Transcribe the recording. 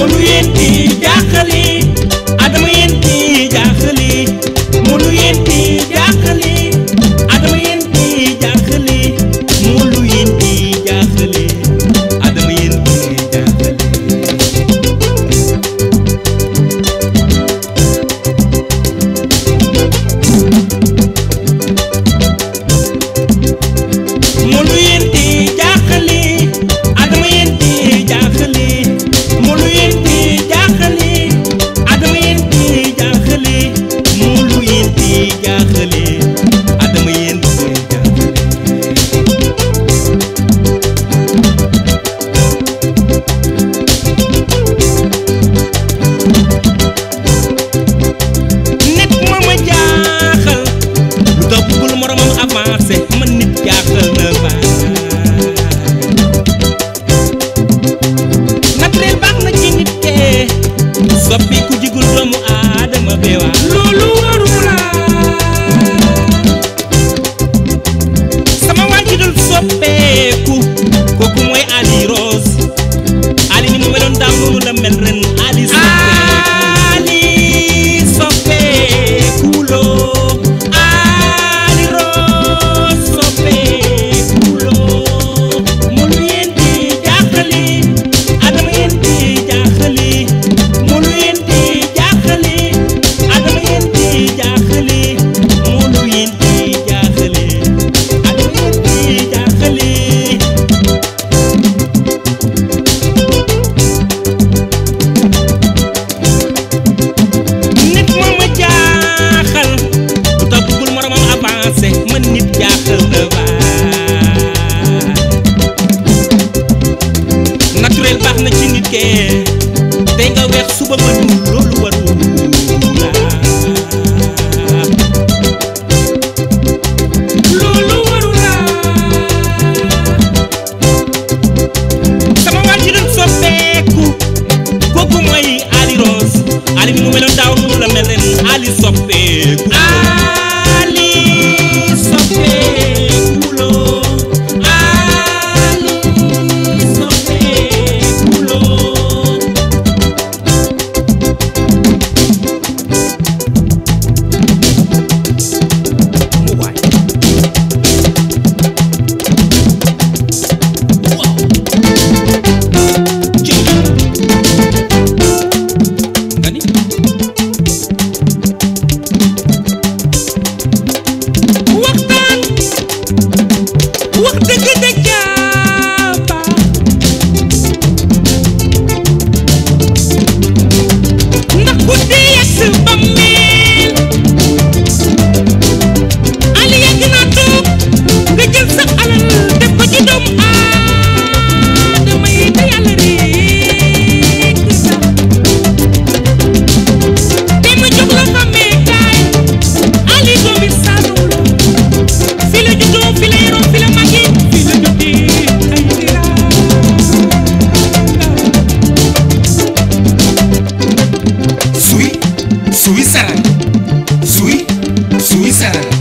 mënu yéen di jaaxali commencé man nit jaaxal na ma naturel baax na ci nit ke soppi ku jigul doomu aadama beewaa loolu warula ṣe 산